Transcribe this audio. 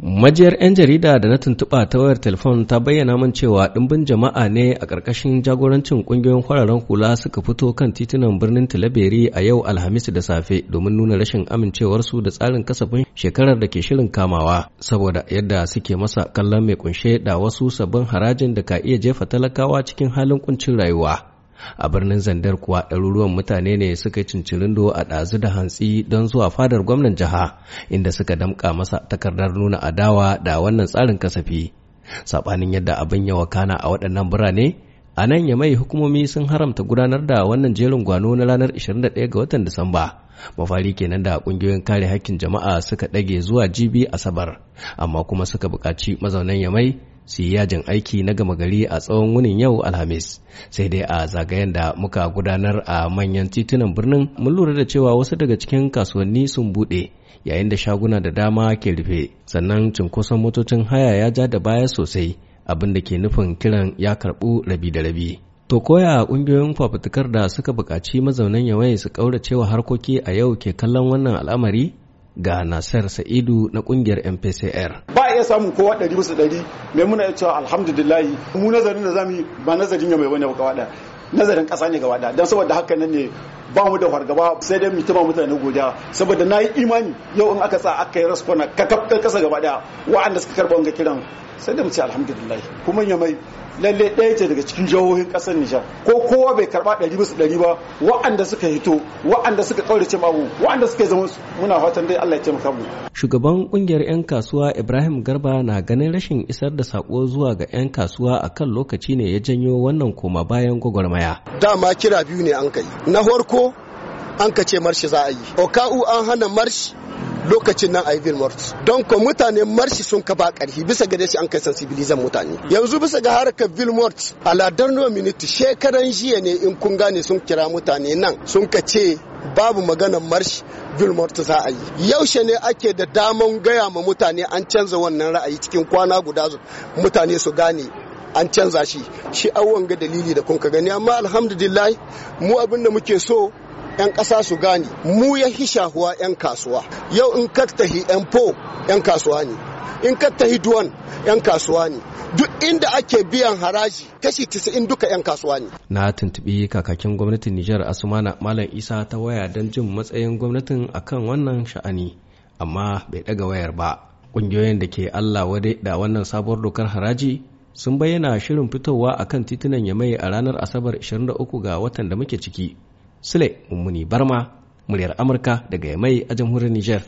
Majiyar 'yan jarida da na tuntuɓa ta wayar telefon ta bayyana min cewa ɗimbin jama'a ne a ƙarƙashin jagorancin ƙungiyoyin kwararen kula suka fito kan titunan birnin talaberi a yau Alhamis da safe domin nuna rashin amincewarsu da tsarin kasafin shekarar da ke shirin kamawa saboda yadda suke masa kallon mai kunshe da wasu sabbin harajin da ka iya jefa talakawa cikin halin kuncin rayuwa. a birnin zandar kuwa ɗaruruwan mutane ne suka cincirindo a ɗazu da hantsi don zuwa fadar gwamnan jiha inda suka damƙa masa takardar nuna adawa da wannan tsarin kasafi saɓanin yadda abin ya wakana a waɗannan birane a nan ya mai hukumomi sun haramta gudanar da wannan jerin gwano na ranar 21 ga watan disamba mafari kenan da ƙungiyoyin kare hakkin jama'a suka ɗage zuwa jibi asabar amma kuma suka buƙaci mazaunan mai. su yi yajin aiki na gama gari a tsawon wunin yau alhamis sai dai a zagayen da muka gudanar a manyan titunan birnin mun lura da cewa wasu daga cikin kasuwanni sun buɗe yayin da shaguna da dama ke rufe sannan cunkoson motocin haya ya ja da baya sosai abin da ke nufin kiran ya karɓu rabi da rabi to koya ƙungiyoyin fafutukar da suka buƙaci mazaunan yawai su ƙauracewa harkoki a yau ke kallon wannan al'amari ga nasar sa'idu na ƙungiyar mpcr iya samun kowa ɗari bisa ɗari mai muna ya cewa alhamdulillahi mu nazarin da zamu yi ba nazarin ya mai wani gaba ɗaya nazarin ƙasa ne gaba ɗaya don saboda haka nan ne ba mu da fargaba sai dai mu taba mutane godiya saboda nayi imani yau in aka sa aka yi raskona ka kafka kasa gaba daya wa'anda suka karba wanga kiran sai dai mu ce alhamdulillah kuma ya mai lalle ɗaya ce daga cikin jihohin kasar Nijar ko kowa bai karba ɗari bisa ɗari ba wa'anda suka hito wa'anda suka kaurace mamu wa'anda suka zama muna fatan dai Allah ya taimaka mu shugaban kungiyar 'yan kasuwa Ibrahim Garba na ganin rashin isar da sako zuwa ga 'yan kasuwa akan lokaci ne ya janyo wannan koma bayan gwagwarmaya dama kira biyu ne an kai na farko an ka ce marshi za a yi oka'u an hana marshi lokacin nan a yi mort don ko mutane marshi sun kaba karhi bisa ga shi an kai sensibilizan mutane yanzu bisa ga harkar vilmort a ladar miniti shekaran jiya ne in kun gane sun kira mutane nan sun ka ce babu maganar marshi vilmort za a yi yaushe ne ake da daman gaya ma mutane an canza wannan ra'ayi cikin kwana guda mutane su gane an canza shi shi awon ga dalili da kun ka gani amma alhamdulillah mu abin da muke so 'yan ƙasa su gani mu ya hi shahuwa 'yan kasuwa yau in ka tahi 'yan po 'yan kasuwa ne in ka tahi duwan 'yan kasuwa ne duk inda ake biyan haraji kashi 90 duka 'yan kasuwa ne na tuntubi kakakin gwamnatin nijar asumana malam isa ta waya don jin matsayin gwamnatin akan wannan sha'ani amma bai daga wayar ba ƙungiyoyin da ke allah wadai da wannan sabuwar dokar haraji sun bayyana shirin fitowa akan titunan yamai a ranar asabar 23 ga watan da muke ciki Sule Mummuni Barma, muryar Amurka daga Yamai a jamhuriyar Niger.